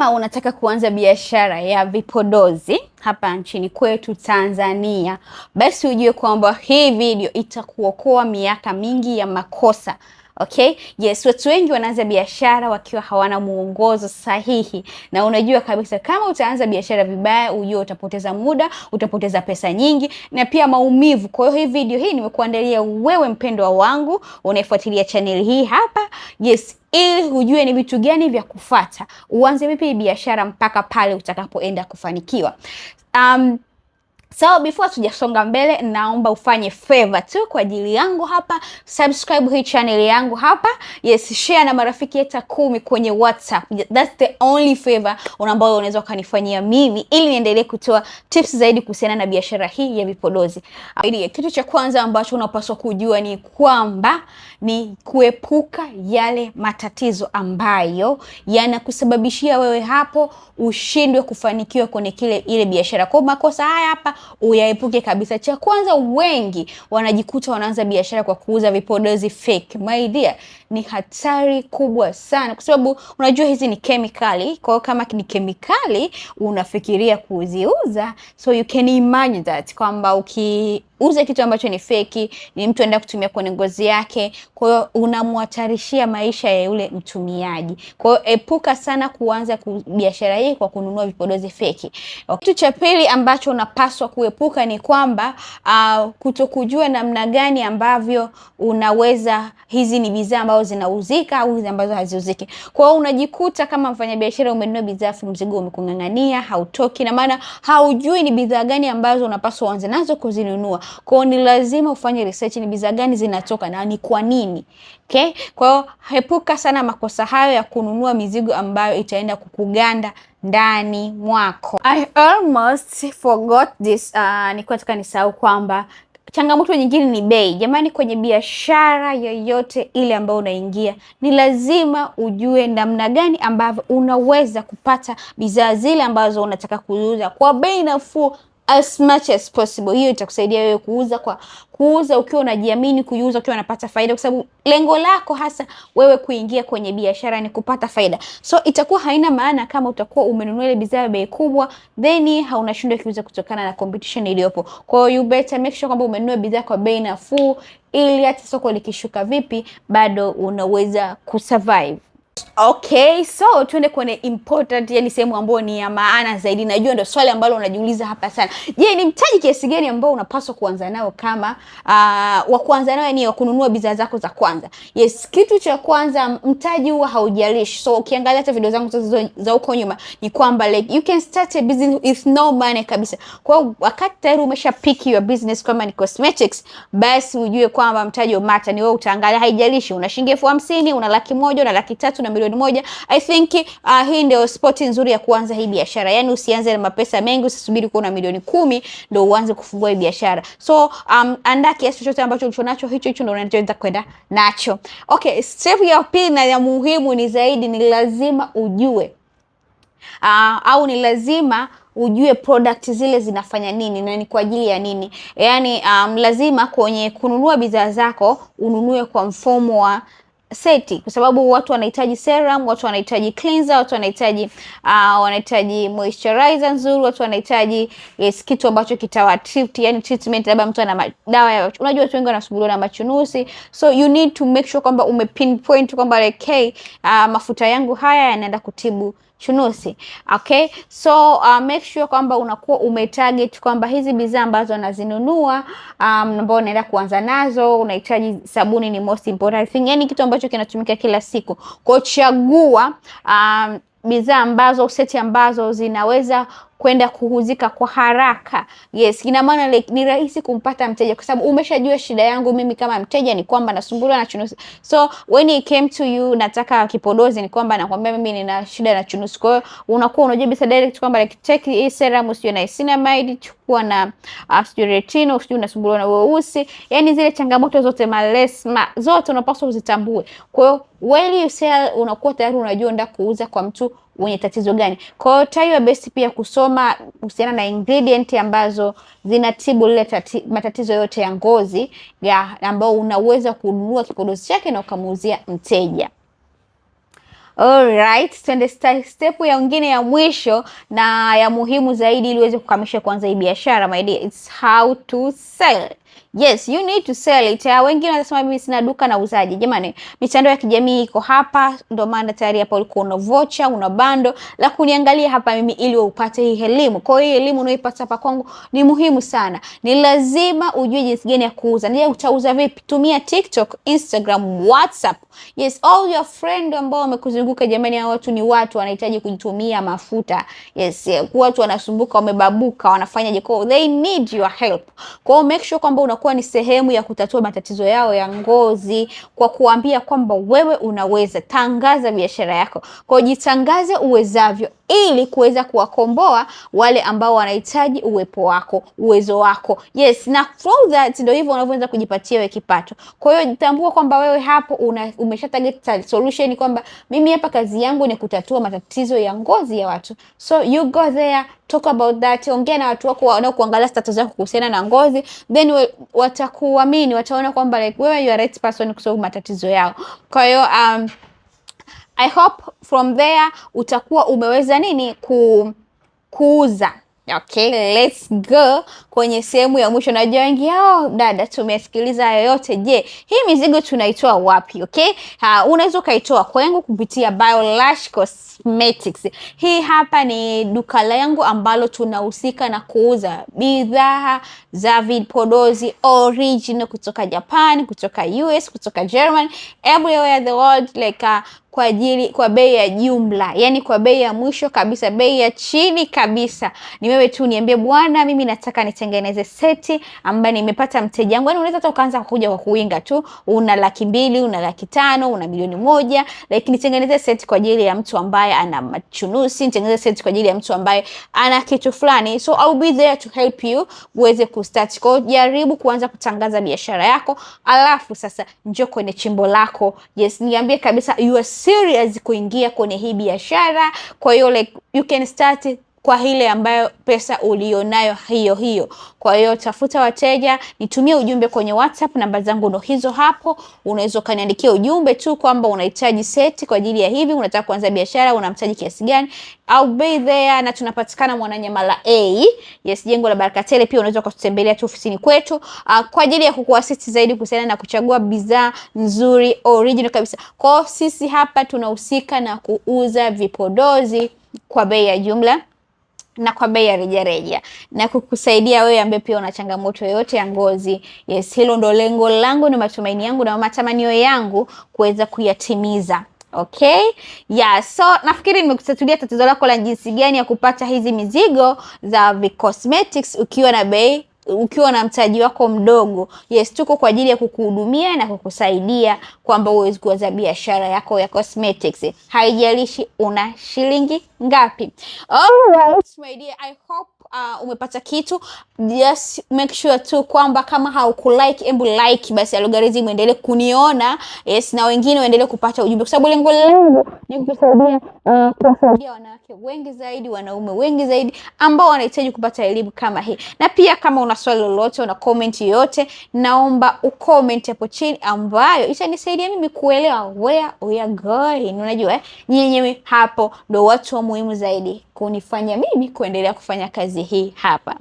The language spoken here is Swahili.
kama unataka kuanza biashara ya vipodozi hapa nchini kwetu Tanzania, basi ujue kwamba hii video itakuokoa miaka mingi ya makosa Okay? Yes, watu wengi wanaanza biashara wakiwa hawana mwongozo sahihi, na unajua kabisa kama utaanza biashara vibaya, ujue utapoteza muda, utapoteza pesa nyingi na pia maumivu. Kwa hiyo hii video hii nimekuandalia wewe mpendwa wangu unayefuatilia chaneli hii hapa. Yes, ili hujue ni vitu gani vya kufata, uanze vipi biashara mpaka pale utakapoenda kufanikiwa. Um, So before tujasonga mbele, naomba ufanye favor tu kwa ajili yangu hapa, subscribe hii channel yangu hapa, yes, share na marafiki hata kumi kwenye WhatsApp. That's the only favor ambayo unaweza ukanifanyia mimi ili niendelee kutoa tips zaidi kuhusiana na biashara hii ya vipodozi. Kitu cha kwanza ambacho unapaswa kujua ni kwamba ni kuepuka yale matatizo ambayo yanakusababishia wewe hapo ushindwe kufanikiwa kwenye kile ile biashara. Kwa makosa haya hapa uyaepuke kabisa. Cha kwanza, wengi wanajikuta wanaanza biashara kwa kuuza vipodozi fake. My dear, ni hatari kubwa sana, kwa sababu unajua hizi ni kemikali. Kwa hiyo kama ni kemikali unafikiria kuziuza, so you can imagine that kwamba uki uze kitu ambacho ni feki, ni mtu anaenda kutumia kwenye ngozi yake. Kwa hiyo unamhatarishia maisha ya yule mtumiaji. Kwa hiyo epuka sana kuanza biashara hii kwa kununua vipodozi feki. Kitu cha pili ambacho unapaswa kuepuka ni kwamba uh, kutokujua namna gani ambavyo unaweza, hizi ni bidhaa ambazo zinauzika au hizi ambazo haziuziki. Kwa hiyo unajikuta kama mfanyabiashara umenunua bidhaa mzigo umekung'ang'ania, hautoki na maana haujui ni bidhaa gani ambazo unapaswa uanze nazo kuzinunua. Kwao ni lazima ufanye research, ni bidhaa gani zinatoka na ni kwa nini. Okay? Kwa hiyo hepuka sana makosa hayo ya kununua mizigo ambayo itaenda kukuganda ndani mwako. I almost forgot this. Uh, nilikuwa nataka nisahau kwamba changamoto nyingine ni bei. Jamani, kwenye biashara yoyote ile ambayo unaingia, ni lazima ujue namna gani ambavyo unaweza kupata bidhaa zile ambazo unataka kuuza kwa bei nafuu as much as possible. Hiyo itakusaidia wewe kuuza kwa kuuza ukiwa unajiamini, kuuza ukiwa unapata faida, kwa sababu lengo lako hasa wewe kuingia kwenye biashara ni kupata faida. So itakuwa haina maana kama utakuwa umenunua ile bidhaa bei kubwa, then hauna shindo ukiuza kutokana na competition iliyopo. Kwa hiyo you better make sure kwamba umenunua bidhaa kwa bei nafuu, ili hata soko likishuka vipi, bado unaweza kusurvive. Okay, so tuende kwenye important, yani sehemu ambayo ni ya maana zaidi. Najua ndo swali ambalo unajiuliza hapa sana. Je, ni mtaji kiasi gani ambao unapaswa kuanza nao kama uh, wa kuanza nao yani wa kununua bidhaa zako za kwanza? Yes, kitu cha kwanza mtaji huwa haujalishi. So ukiangalia hata video zangu za huko nyuma ni kwamba like you can start a business with no money kabisa. Kwa wakati tayari umesha pick your business kama ni cosmetics, basi ujue kwamba mtaji wa mata ni wewe utaangalia, haijalishi una shilingi elfu hamsini, una laki moja, una laki tatu na na milioni moja. I think uh, hii ndio spot nzuri ya kuanza hii biashara. Yaani usianze na mapesa mengi, usisubiri kuwa na milioni kumi ndio uanze kufungua hii biashara. So um, andaa kiasi chochote ambacho ulicho nacho, hicho hicho ndio unaweza kwenda nacho. Okay, step ya pili na ya muhimu ni zaidi ni lazima ujue uh, au ni lazima ujue product zile zinafanya nini na ni kwa ajili ya nini. Yaani um, lazima kwenye kununua bidhaa zako ununue kwa mfumo wa seti kwa sababu watu wanahitaji serum, watu wanahitaji cleanser, watu wanahitaji uh, wanahitaji moisturizer nzuri, watu wanahitaji yes, kitu ambacho treat, yani treatment, labda mtu ana dawa ya unajua, watu wengi wanasumbuliwa na machunusi, so you need to make sure kwamba umepinpoint kwamba like, hey, uh, mafuta yangu haya yanaenda kutibu chunusi. Okay, so uh, make sure kwamba unakuwa umetarget kwamba hizi bidhaa ambazo unazinunua um, ambao unaenda kuanza nazo, unahitaji sabuni ni most important thing, yani kitu ambacho kinatumika kila siku. Kwa chagua um, bidhaa ambazo seti ambazo zinaweza kwenda kuhuzika kwa haraka. Yes, ina maana like, ni rahisi kumpata mteja kwa sababu umeshajua shida yangu mimi kama mteja ni kwamba nasumbuliwa na chunusi. So when he came to you, nataka kipodozi, ni kwamba nakwambia mimi nina shida na chunusi. Kwa hiyo unakuwa unajua bisa direct kwamba like, take hii serum usio na niacinamide, chukua na uh, sio retinol, usio unasumbuliwa na weusi. Yani zile changamoto zote malesma zote unapaswa uzitambue. Kwa hiyo when you sell unakuwa tayari unajua nda kuuza kwa mtu wenye tatizo gani. Kwa hiyo taiwa best pia kusoma kuhusiana na ingredient ambazo zinatibu lile matatizo yote ya ngozi ya ambao unaweza kununua kipodozi chake na ukamuuzia mteja. Alright, twende step ya nyingine ya mwisho na ya muhimu zaidi ili uweze kukamilisha kwanza hii biashara, my dear, it's how to sell. Yes, you need to sell it. Wengine wanasema mimi sina duka na uzaji. Jamani, mitandao ya kijamii iko hapa, ndio maana tayari hapa ulikuwa una vocha, una bando la kuniangalia hapa mimi ili upate hii elimu. Kwa hiyo elimu unaoipata hapa kwangu ni muhimu sana. Ni lazima ujue jinsi gani ya kuuza. Ndio utauza vipi? Tumia TikTok, Instagram, WhatsApp. Yes, all your friend ambao wamekuzunguka jamani, hao watu ni watu wanahitaji kujitumia mafuta. Yes, watu wanasumbuka, wamebabuka, wanafanya jiko. They need your help. Kwa hiyo make sure kwamba una unakuwa ni sehemu ya kutatua matatizo yao ya ngozi kwa kuambia kwamba wewe unaweza tangaza biashara yako. Kwa jitangaze uwezavyo ili kuweza kuwakomboa wale ambao wanahitaji uwepo wako, uwezo wako. Yes, na through that ndio hivyo unavyoweza kujipatia wewe kipato. Kwa hiyo jitambua kwamba wewe hapo una, umesha target solution kwamba mimi hapa kazi yangu ni kutatua matatizo ya ngozi ya watu. So you go there, talk about that, ongea na watu wako wanaokuangalia status zako kuhusiana na ngozi, then we, watakuamini, wataona kwamba like wewe you are right person kusolve matatizo yao. Kwa hiyo um, I hope from there utakuwa umeweza nini ku kuuza Okay, let's go kwenye sehemu ya mwisho. Najua wengi yao dada, tumesikiliza hayo yote. Je, hii mizigo tunaitoa wapi? Okay, unaweza ukaitoa kwangu kupitia Biolash Cosmetics. Hii hapa ni duka langu ambalo tunahusika na kuuza bidhaa za vipodozi original kutoka Japan, kutoka US, kutoka German, everywhere the world like uh, kwa ajili kwa bei ya jumla, yani kwa bei ya mwisho kabisa, bei ya chini kabisa. Nime wewe tu niambie, bwana, mimi nataka nitengeneze seti ambayo nimepata mteja wangu. Yani unaweza hata ukaanza kuja kwa kuinga tu, una laki mbili, una laki tano, una milioni moja, lakini nitengeneze seti kwa ajili ya mtu ambaye ana machunusi, nitengeneze seti kwa ajili ya mtu ambaye ana kitu fulani. So I'll be there to help you uweze kustart. Kwa jaribu kuanza kutangaza biashara yako, alafu sasa njoo kwenye chimbo lako. Yes, niambie kabisa you are serious kuingia kwenye hii biashara. Kwa hiyo like you can start it kwa ile ambayo pesa ulionayo hiyo hiyo. Kwa hiyo tafuta wateja, nitumie ujumbe kwenye WhatsApp, namba zangu ndo hizo hapo. Unaweza ukaniandikia ujumbe tu kwamba unahitaji seti kwa ajili ya hivi, unataka kuanza biashara, una mtaji kiasi gani? I'll be there, na tunapatikana Mwananyamala A, yes, jengo la Barakatele. Pia unaweza kutembelea tu ofisini kwetu uh, kwa ajili ya kukuasisti zaidi kuhusiana na kuchagua bidhaa nzuri original kabisa. Kwa sisi hapa tunahusika na kuuza vipodozi kwa bei ya jumla na kwa bei ya rejareja na kukusaidia wewe ambaye pia una changamoto yoyote ya ngozi. Yes, hilo ndo lengo langu, ni matumaini yangu na matamanio yangu kuweza kuyatimiza. Okay, yeah, so nafikiri nimekutatulia tatizo lako la jinsi gani ya kupata hizi mizigo za V Cosmetics ukiwa na bei ukiwa na mtaji wako mdogo, yes, tuko kwa ajili ya kukuhudumia na kukusaidia kwamba uweze kuanza biashara yako ya cosmetics, haijalishi una shilingi ngapi. Alright, my dear, I hope Uh, umepata kitu. Just make sure tu kwamba kama haukulike, hebu like basi, algorithm endelee kuniona yes, na wengine waendelee kupata ujumbe, kwa sababu lengo langu ni kukusaidia uh, kuwasaidia wanawake wengi zaidi, wanaume wengi zaidi ambao wanahitaji kupata elimu kama hii, na pia kama una una swali lolote, una comment yoyote, naomba ucomment hapo chini, ambayo itanisaidia mimi kuelewa where we are going. Unajua eh? nyinyi hapo ndo watu wa muhimu zaidi kunifanya mimi kuendelea kufanya kazi hii hapa.